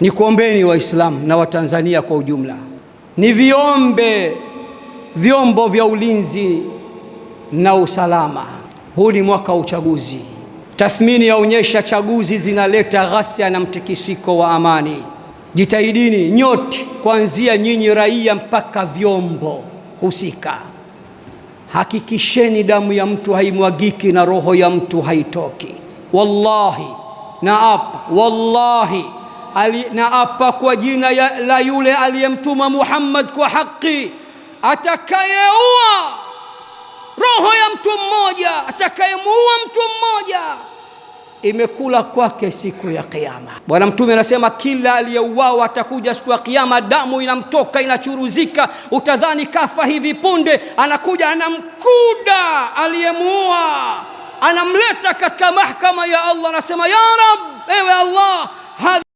Nikuombeni Waislamu na Watanzania kwa ujumla, ni viombe vyombo vya ulinzi na usalama. Huu ni mwaka wa uchaguzi. Tathmini yaonyesha chaguzi zinaleta ghasia na mtikisiko wa amani. Jitahidini nyote, kuanzia nyinyi raia mpaka vyombo husika, hakikisheni damu ya mtu haimwagiki na roho ya mtu haitoki. Wallahi apa, wallahi ali, apa kwa jina ya, la yule aliyemtuma Muhammad kwa haki, atakayeua roho ya mtu mmoja, atakayemuua mtu mmoja imekula kwake siku ya Kiyama. Bwana Mtume anasema kila aliyeuawa atakuja siku ya Kiyama, damu inamtoka inachuruzika, utadhani kafa hivi punde. Anakuja anamkuda aliyemuua, anamleta katika mahakama ya Allah, anasema ya Rab, ewe Allah